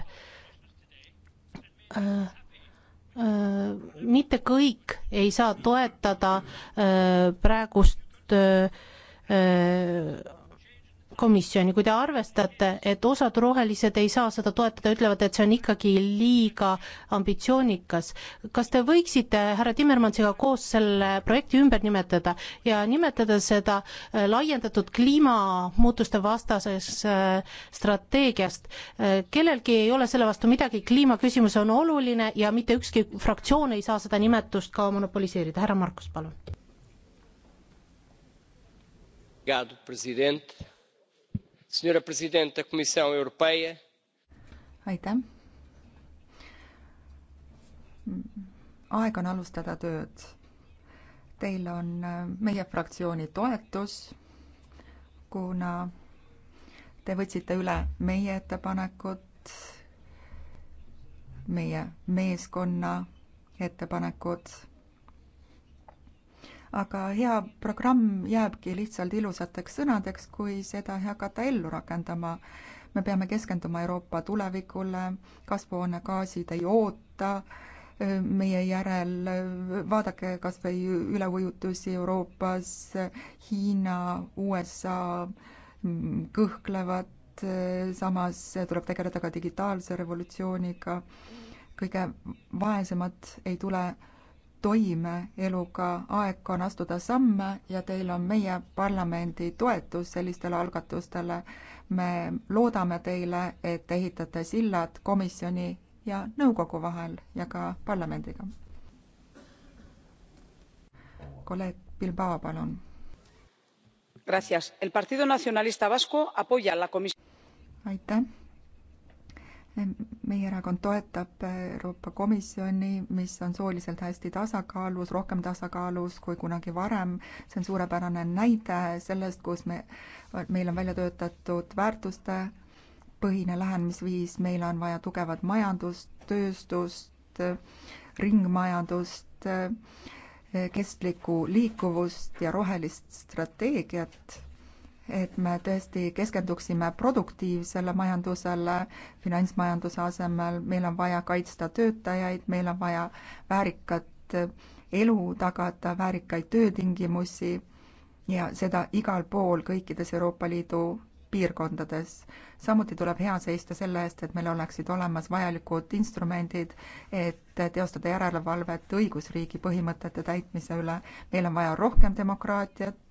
Äh, äh, mitte kõik ei saa toetada äh, praegust komisjoni, kui te arvestate, et osad rohelised ei saa seda toetada, ütlevad, et see on ikkagi liiga ambitsioonikas, kas te võiksite härra Timmermansiga koos selle projekti ümber nimetada ja nimetada seda äh, laiendatud kliimamuutuste vastaseks äh, strateegiast? Äh, kellelgi ei ole selle vastu midagi, kliimaküsimus on oluline ja mitte ükski fraktsioon ei saa seda nimetust ka monopoliseerida, härra Markus, palun aitäh. aeg on alustada tööd. Teil on äh, meie fraktsiooni toetus, kuna te võtsite üle meie ettepanekud, meie meeskonna ettepanekud aga hea programm jääbki lihtsalt ilusateks sõnadeks, kui seda ei hakata ellu rakendama. me peame keskenduma Euroopa tulevikule, kasvuhoonegaasid ei oota meie järel, vaadake kas või üleujutusi Euroopas, Hiina, USA mm, kõhklevad, samas tuleb tegeleda ka digitaalse revolutsiooniga, kõige vaesemad ei tule toime eluga, aeg on astuda samme ja teil on meie parlamendi toetus sellistele algatustele. me loodame teile, et te ehitate sillad komisjoni ja nõukogu vahel ja ka parlamendiga. kolleeg Bilbao, palun. aitäh meie erakond toetab Euroopa Komisjoni, mis on sooliselt hästi tasakaalus, rohkem tasakaalus kui kunagi varem. see on suurepärane näide sellest, kus me, meil on välja töötatud väärtuste põhine lähenemisviis, meil on vaja tugevat majandust, tööstust, ringmajandust, kestlikku liikuvust ja rohelist strateegiat et me tõesti keskenduksime produktiivsele majandusele finantsmajanduse asemel, meil on vaja kaitsta töötajaid, meil on vaja väärikat elu tagada, väärikaid töötingimusi ja seda igal pool kõikides Euroopa Liidu piirkondades. samuti tuleb hea seista selle eest, et meil oleksid olemas vajalikud instrumendid, et teostada järelevalvet õigusriigi põhimõtete täitmise üle. meil on vaja rohkem demokraatiat,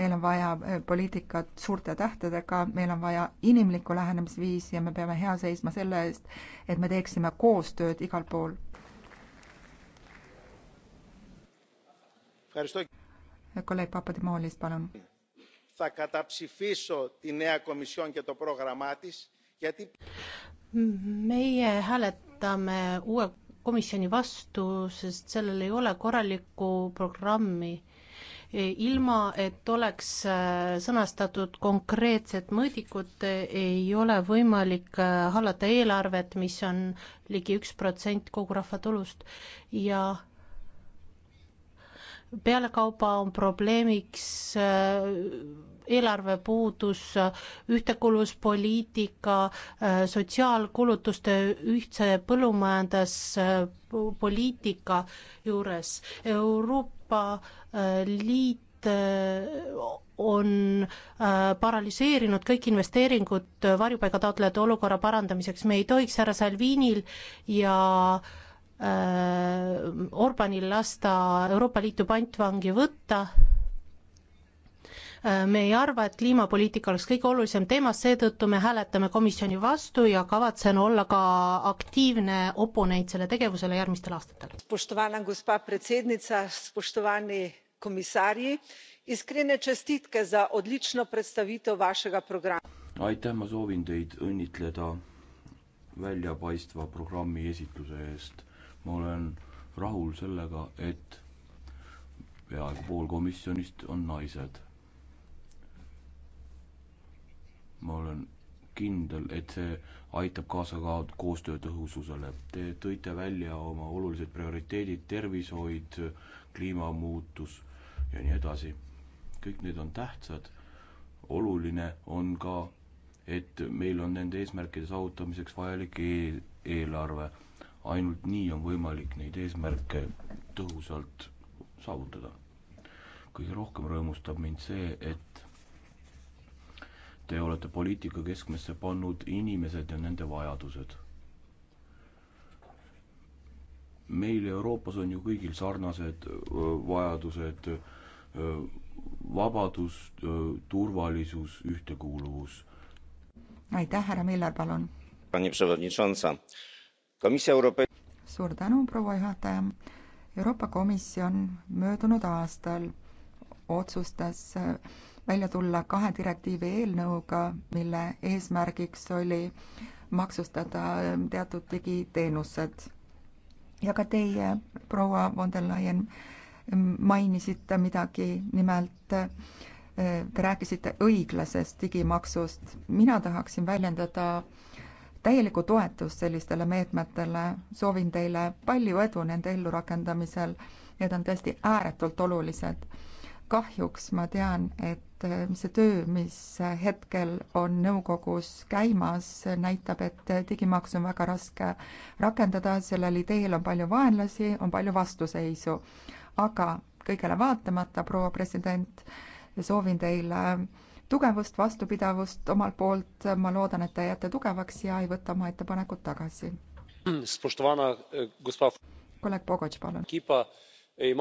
meil on vaja äh, poliitikat suurte tähtedega, meil on vaja inimlikku lähenemisviisi ja me peame hea seisma selle eest, et me teeksime koostööd igal pool. Äh, kolleeg Papadimoolis, palun. meie hääletame uue komisjoni vastu, sest sellel ei ole korralikku programmi E, ilma, et oleks äh, sõnastatud konkreetsed mõõdikud, ei ole võimalik äh, hallata eelarvet, mis on ligi üks protsent kogu rahvatulust ja pealekauba on probleemiks äh, eelarve puudus, äh, ühtekuuluvuspoliitika, äh, sotsiaalkulutuste ühtse põllumajanduspoliitika juures. Euroopa Liit on paraliseerinud kõik investeeringud varjupaigataotlejate olukorra parandamiseks, me ei tohiks härra Salvinil ja äh, Äh, Orbanil lasta Euroopa Liitu pantvangi võtta, äh, me ei arva, et kliimapoliitika oleks kõige olulisem teema, seetõttu me hääletame komisjoni vastu ja kavatsen olla ka aktiivne oponent selle tegevusele järgmistel aastatel. spoštovana gospa predsednica spoštovani komisarji iskrene čestitke za odlično predstavitev vašega programa. aitäh, ma soovin teid õnnitleda väljapaistva programmi esitluse eest ma olen rahul sellega, et peaaegu pool komisjonist on naised. ma olen kindel, et see aitab kaasa ka koostöö tõhususele. Te tõite välja oma olulised prioriteedid, tervishoid, kliimamuutus ja nii edasi. kõik need on tähtsad. oluline on ka, et meil on nende eesmärkide saavutamiseks vajalik e eelarve ainult nii on võimalik neid eesmärke tõhusalt saavutada. kõige rohkem rõõmustab mind see, et te olete poliitika keskmesse pannud inimesed ja nende vajadused. meil Euroopas on ju kõigil sarnased vajadused, vabadus, turvalisus, ühtekuuluvus. aitäh, härra Miller, palun suur tänu, proua juhataja. Euroopa Komisjon möödunud aastal otsustas välja tulla kahe direktiivi eelnõuga, mille eesmärgiks oli maksustada teatud digiteenused. ja ka teie, proua von der Leyen, mainisite midagi, nimelt äh, te rääkisite õiglasest digimaksust. mina tahaksin väljendada äh, täielikku toetust sellistele meetmetele, soovin teile palju edu nende ellurakendamisel, need on tõesti ääretult olulised. kahjuks ma tean, et eh, see töö, mis hetkel on nõukogus käimas, näitab, et digimaksu on väga raske rakendada, sellel ideel on palju vaenlasi, on palju vastuseisu. aga kõigele vaatamata, proua president, soovin teile tugevust, vastupidavust omalt poolt, ma loodan, et te jääte tugevaks ja ei võta oma ettepanekut tagasi. Eh, kolleeg Bogoč, palun. Eh,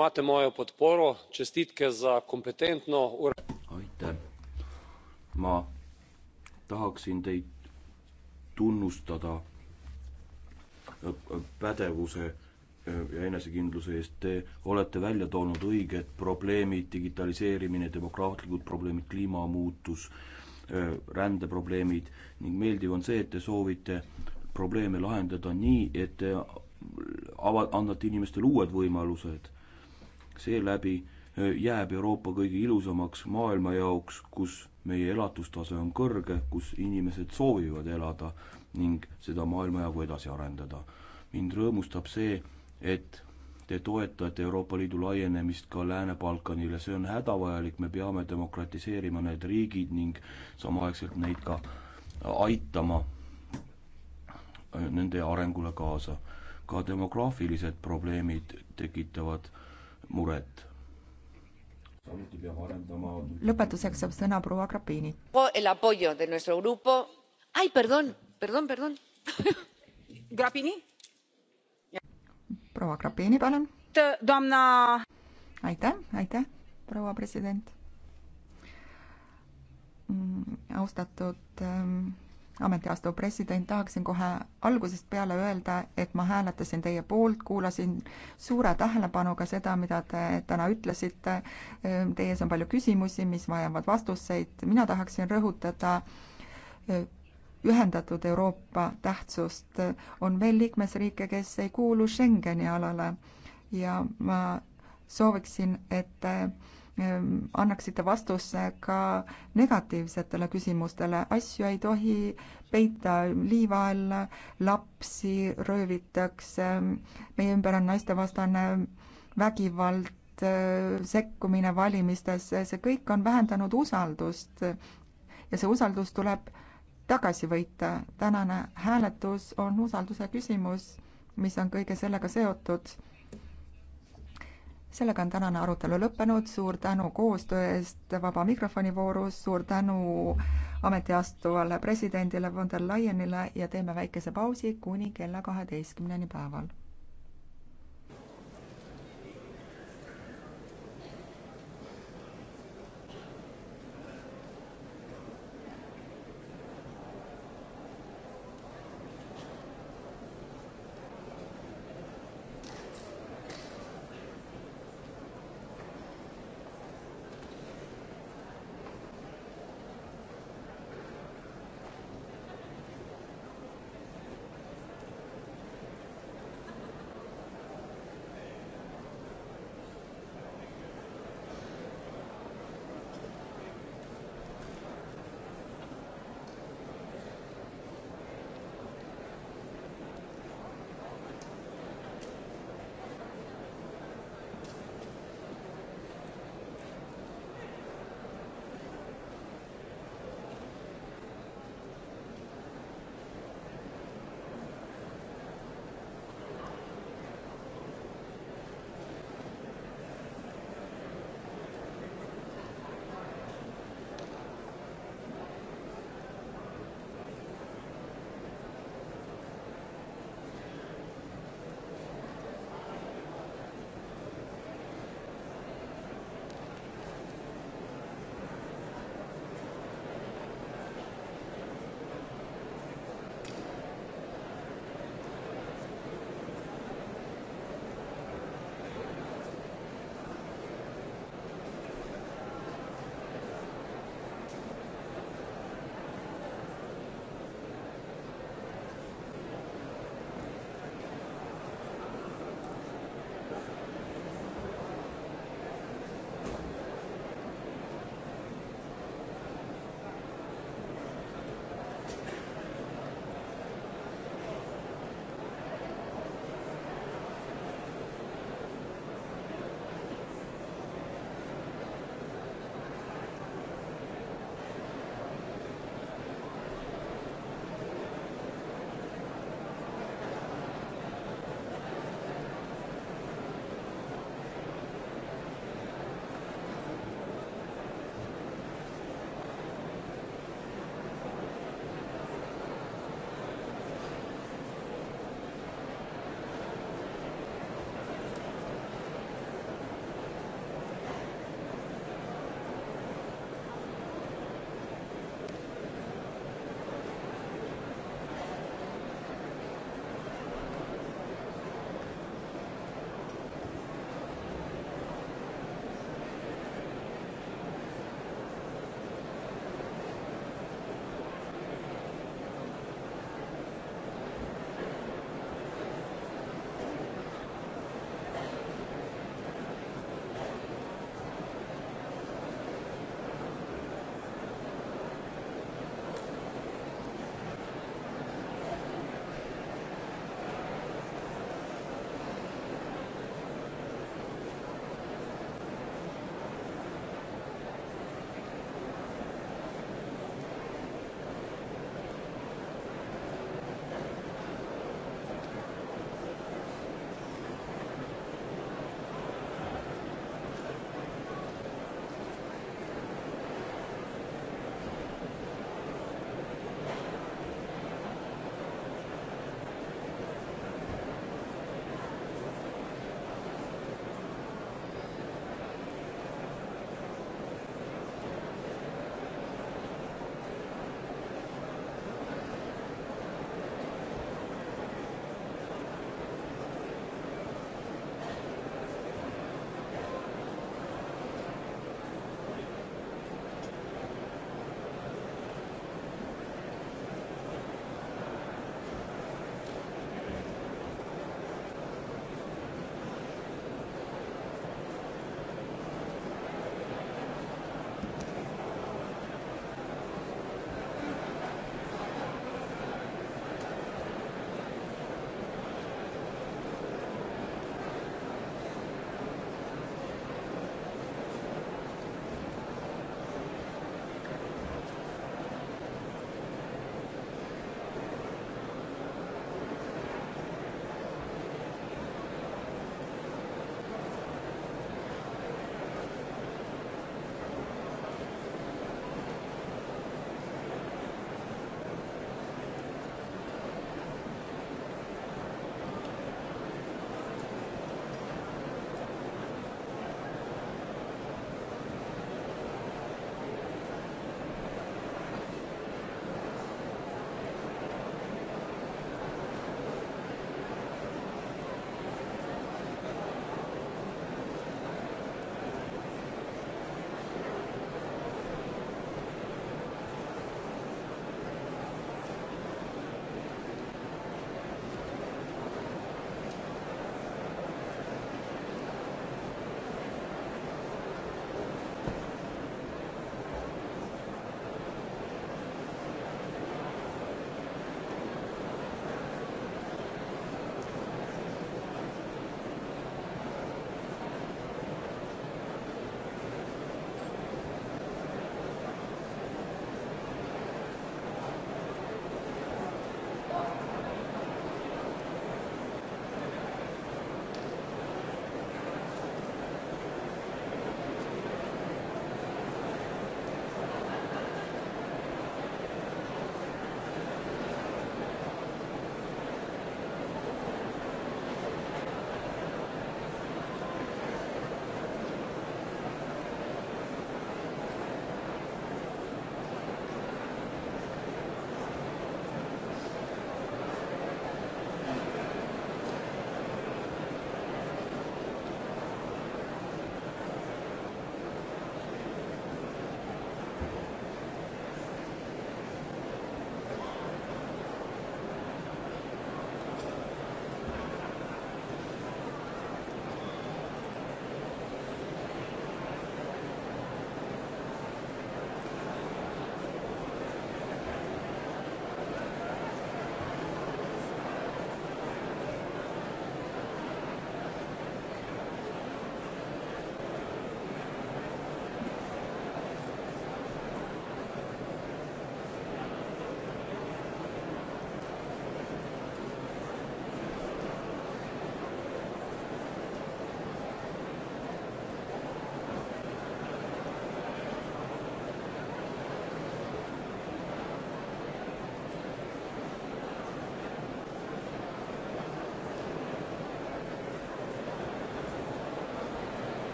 aitäh, ma tahaksin teid tunnustada eh, pädevuse Äh, ja enesekindluse eest, te olete välja toonud õiged probleemid, digitaliseerimine, demokraatlikud probleemid, kliimamuutus, äh, rändeprobleemid ning meeldiv on see, et te soovite probleeme lahendada nii, et te ava-, annate inimestele uued võimalused. seeläbi äh, jääb Euroopa kõige ilusamaks maailma jaoks, kus meie elatustase on kõrge, kus inimesed soovivad elada ning seda maailmajagu edasi arendada. mind rõõmustab see, et te toetate Euroopa Liidu laienemist ka Lääne-Balkanile, see on hädavajalik, me peame demokratiseerima need riigid ning samaaegselt neid ka aitama äh, nende arengule kaasa. ka demograafilised probleemid tekitavad muret. samuti peab arendama lõpetuseks saab sõna proua Grapini. El apoyo de nuestro grupo, ai perdon, perdon, perdon Grapini? proua Grapini, palun. aitäh, aitäh, proua president. Mm, austatud ähm, ametiastuv president, tahaksin kohe algusest peale öelda, et ma hääletasin teie poolt, kuulasin suure tähelepanuga seda, mida te täna ütlesite. Ähm, teie ees on palju küsimusi, mis vajavad vastuseid. mina tahaksin rõhutada äh, ühendatud Euroopa tähtsust. on veel liikmesriike, kes ei kuulu Schengeni alale ja ma sooviksin, et ähm, annaksite vastuse ka negatiivsetele küsimustele. asju ei tohi peita liiva alla, lapsi röövitakse, meie ümber on naistevastane vägivald, äh, sekkumine valimistesse, see kõik on vähendanud usaldust. ja see usaldus tuleb tagasi võita. tänane hääletus on usalduse küsimus, mis on kõige sellega seotud. sellega on tänane arutelu lõppenud, suur tänu koostöö eest Vaba Mikrofoni voorus, suur tänu ametiastuvale presidendile von der Leyenile ja teeme väikese pausi kuni kella kaheteistkümneni päeval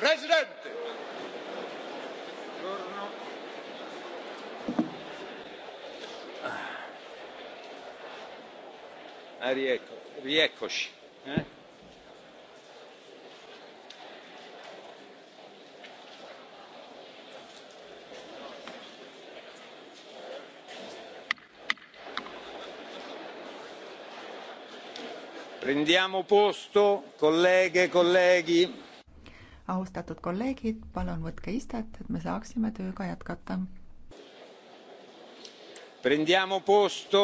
Presidente! Buongiorno. Ah, riecco, rieccoci. Eh? Prendiamo posto, colleghe e colleghi austatud kolleegid, palun võtke istet, et me saaksime tööga jätkata. Prendiamo posto.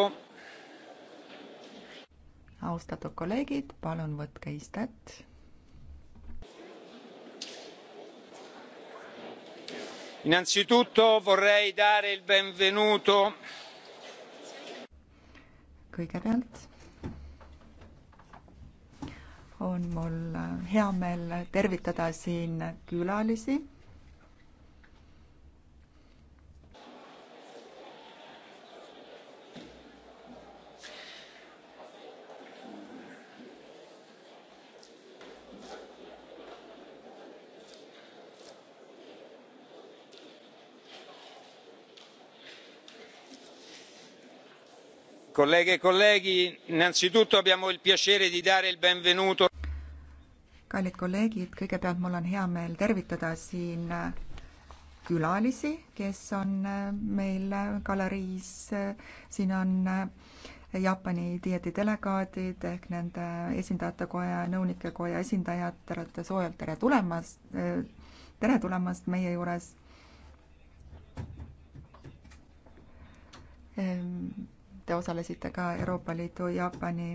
austatud kolleegid, palun võtke istet. Innanzitutto vorrei dare il benvenuto. kõigepealt on mul hea meel tervitada siin külalisi. colleghe e colleghi innanzitutto abbiamo il piacere di dare il benvenuto kallid kolleegid, kõigepealt mul on hea meel tervitada siin äh, külalisi, kes on äh, meil äh, galeriis. siin on Jaapani dieedidelegaadid ehk nende esindajate koja ja nõunike koja esindajad, te olete soojalt tere tulemast, tere tulemast meie juures. Ehm, te osalesite ka Euroopa Liidu Jaapani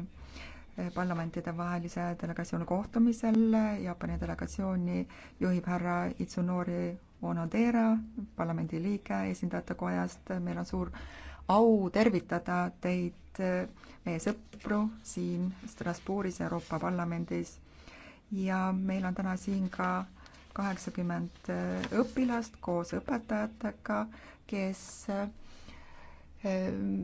Eh, parlamentidevahelise delegatsiooni kohtumisel. Jaapani delegatsiooni juhib härra Itsunori Onodera, parlamendi liige esindajate kojast. meil on suur au tervitada teid, eh, meie sõpru siin Strasbourgis, Euroopa Parlamendis. ja meil on täna siin ka kaheksakümmend eh, õpilast koos õpetajatega, kes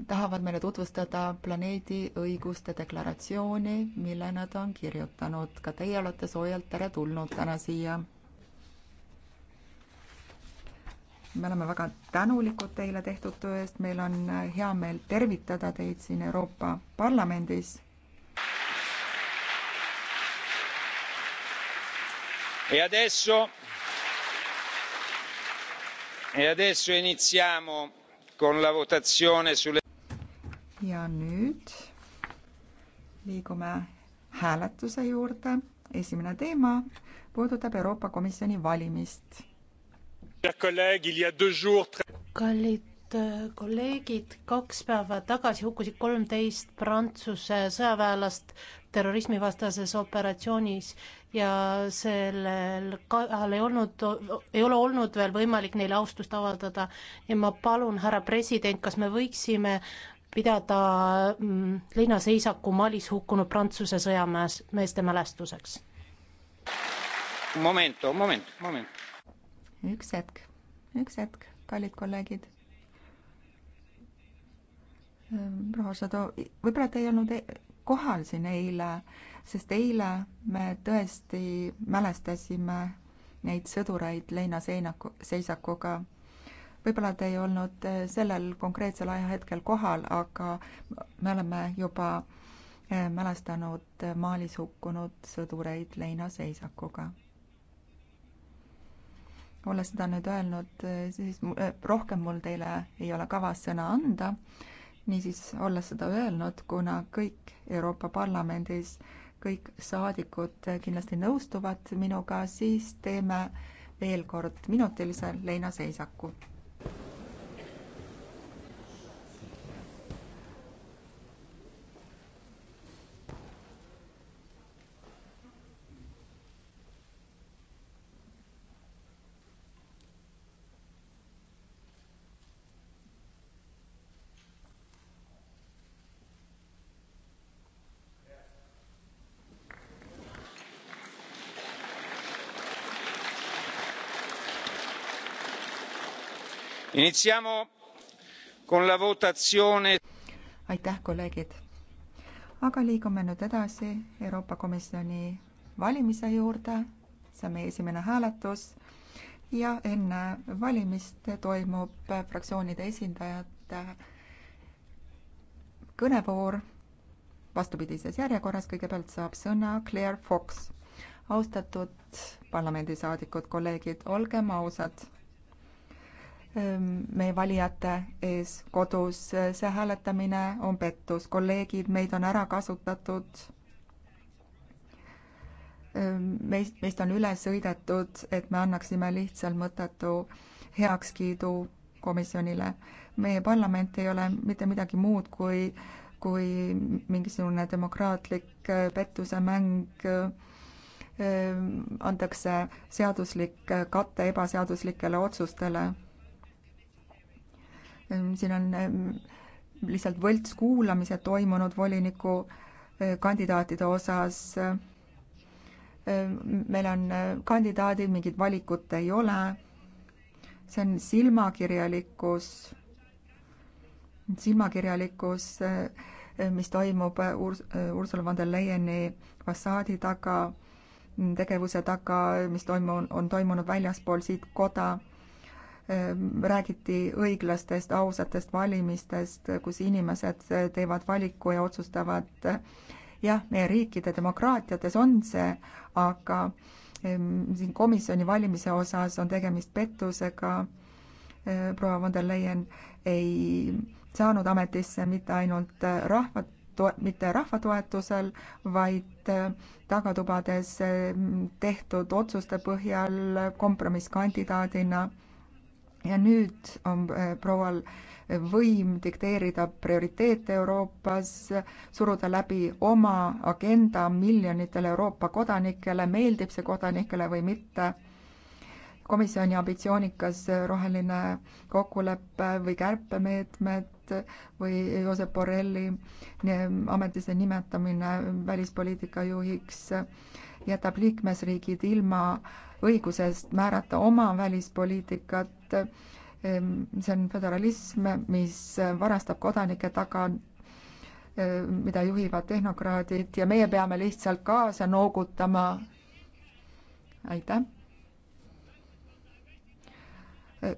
tahavad meile tutvustada planeedi õiguste deklaratsiooni, mille nad on kirjutanud. ka teie olete soojalt teretulnud täna siia. me oleme väga tänulikud teile tehtud töö eest, meil on hea meel tervitada teid siin Euroopa Parlamendis. E adesso, e adesso iniziamo ja nüüd liigume hääletuse juurde. esimene teema puudutab Euroopa Komisjoni valimist. kallid Äh, kolleegid, kaks päeva tagasi hukkusid kolmteist Prantsuse sõjaväelast terrorismivastases operatsioonis ja sellel kahel ei olnud, ei ole olnud veel võimalik neile austust avaldada. ja ma palun, härra president, kas me võiksime pidada mm, linnaseisaku Malis hukkunud Prantsuse sõjamees, meeste mälestuseks? üks hetk, üks hetk, kallid kolleegid proua Šado, võib-olla te ei olnud e- kohal siin eile, sest eile me tõesti mälestasime neid sõdureid leinaseinaku, seisakuga. võib-olla te ei olnud e, sellel konkreetsel ajahetkel kohal, aga me oleme juba e, mälestanud Malis hukkunud sõdureid leinaseisakuga. olles seda nüüd öelnud, siis rohkem mul teile ei ole kavas sõna anda niisiis, olles seda öelnud, kuna kõik Euroopa Parlamendis, kõik saadikud kindlasti nõustuvad minuga, siis teeme veel kord minutilise leinaseisaku Iniziamo con la votazione. aitäh, kolleegid. aga liigume nüüd edasi Euroopa Komisjoni valimise juurde. see on meie esimene hääletus ja enne valimist toimub fraktsioonide esindajate kõnevoor vastupidises järjekorras. kõigepealt saab sõna Claire Fox. austatud parlamendisaadikud, kolleegid, olgem ausad meie valijate ees kodus. see hääletamine on pettus, kolleegid, meid on ära kasutatud. meist, meist on üle sõidetud, et me annaksime lihtsalt mõttetu heakskiidu komisjonile. meie parlament ei ole mitte midagi muud kui, kui mingisugune demokraatlik pettusemäng antakse seaduslik kate ebaseaduslikele otsustele Ehm, siin on ehm, lihtsalt võltskuulamised toimunud voliniku ehm, kandidaatide osas. meil on kandidaadid, mingit valikut ei ole. see on silmakirjalikkus, silmakirjalikkus, mis toimub Urs-, Ursula von der Leyeni fassaadi taga, tegevuse taga, mis toimu-, on toimunud väljaspool siit koda Ehm, räägiti õiglastest, ausatest valimistest, kus inimesed eh, teevad valiku ja otsustavad. Eh, jah, meie riikide demokraatiates on see, aga ehm, siin komisjoni valimise osas on tegemist pettusega. Ehm, proua von der Leyen ei saanud ametisse mitte ainult eh, rahva to-, mitte rahva toetusel, vaid tagatubades tehtud otsuste põhjal kompromisskandidaadina ja nüüd on äh, proual äh, võim dikteerida prioriteete Euroopas, suruda läbi oma agenda miljonitele Euroopa kodanikele, meeldib see kodanikele või mitte. komisjoni ambitsioonikas roheline kokkulepe või kärpemeetmed või Josep Borrelli ametisse nimetamine välispoliitika juhiks jätab liikmesriigid ilma äh, õigusest määrata oma välispoliitikat. Ehm, see on föderalism, mis varastab kodanike taga, ehm, mida juhivad tehnokraadid ja meie peame lihtsalt kaasa noogutama. aitäh.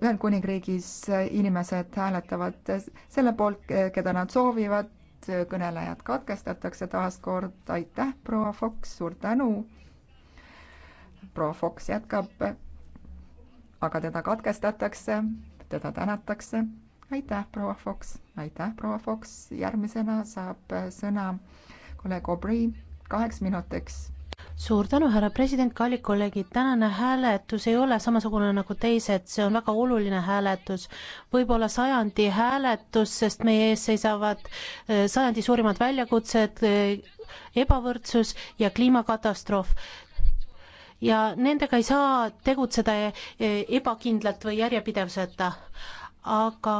Ühendkuningriigis inimesed hääletavad selle poolt, keda nad soovivad, kõnelejad katkestatakse taas kord, aitäh, proua Fox, suur tänu proua Fox jätkab. aga teda katkestatakse, teda tänatakse. aitäh, proua Fox, aitäh, proua Fox, järgmisena saab sõna kolleeg Aubrey kaheks minutiks suur tänu, härra president, kallid kolleegid, tänane hääletus ei ole samasugune nagu teised, see on väga oluline hääletus, võib-olla sajandi hääletus, sest meie ees seisavad eh, sajandi suurimad väljakutsed, eh, ebavõrdsus ja kliimakatastroof ja nendega ei saa tegutseda ebakindlalt või järjepidevuseta. aga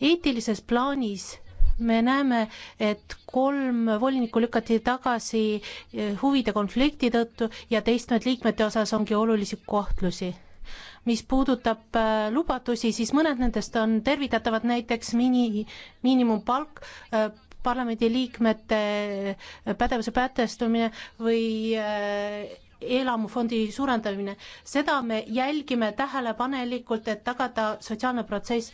eetilises plaanis me näeme, et kolm volinikku lükati tagasi huvide konflikti tõttu ja teistmed liikmete osas ongi olulisi kohtlusi mis puudutab äh, lubatusi, siis mõned nendest on tervitatavad, näiteks mini, miinimumpalk, äh, parlamendiliikmete äh, pädevuse pätestumine või elamufondi suurendamine, seda me jälgime tähelepanelikult, et tagada sotsiaalne protsess,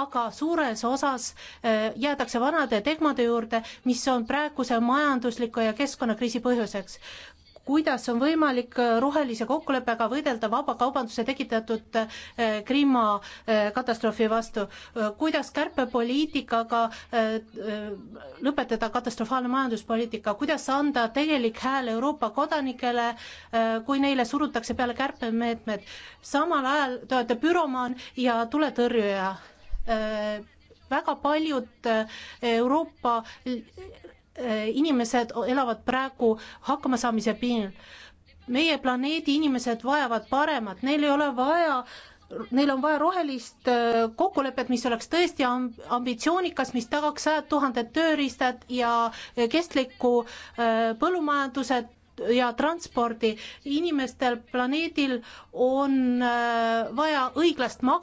aga suures osas äh, jäädakse vanade tegmade juurde, mis on praeguse majandusliku ja keskkonnakriisi põhjuseks kuidas on võimalik äh, rohelise kokkuleppega võidelda vabakaubanduse tekitatud äh, Krimma äh, katastroofi vastu, kuidas kärpepoliitikaga lõpetada katastrofaalne majanduspoliitika, kuidas anda tegelik hääl Euroopa kodanikele, kui neile surutakse peale kärpemeetmed, samal ajal te olete büromaan ja tuletõrjuja väga paljud Euroopa Äh, inimesed elavad praegu hakkamasaamise piinil. meie planeedi inimesed vajavad paremat, neil ei ole vaja Neil on vaja rohelist äh, kokkulepet, mis oleks tõesti ambitsioonikas, mis tagaks sajad tuhanded tööriistad ja äh, kestliku põllumajanduse ja transpordi. inimestel planeedil on vaja õiglast maksu.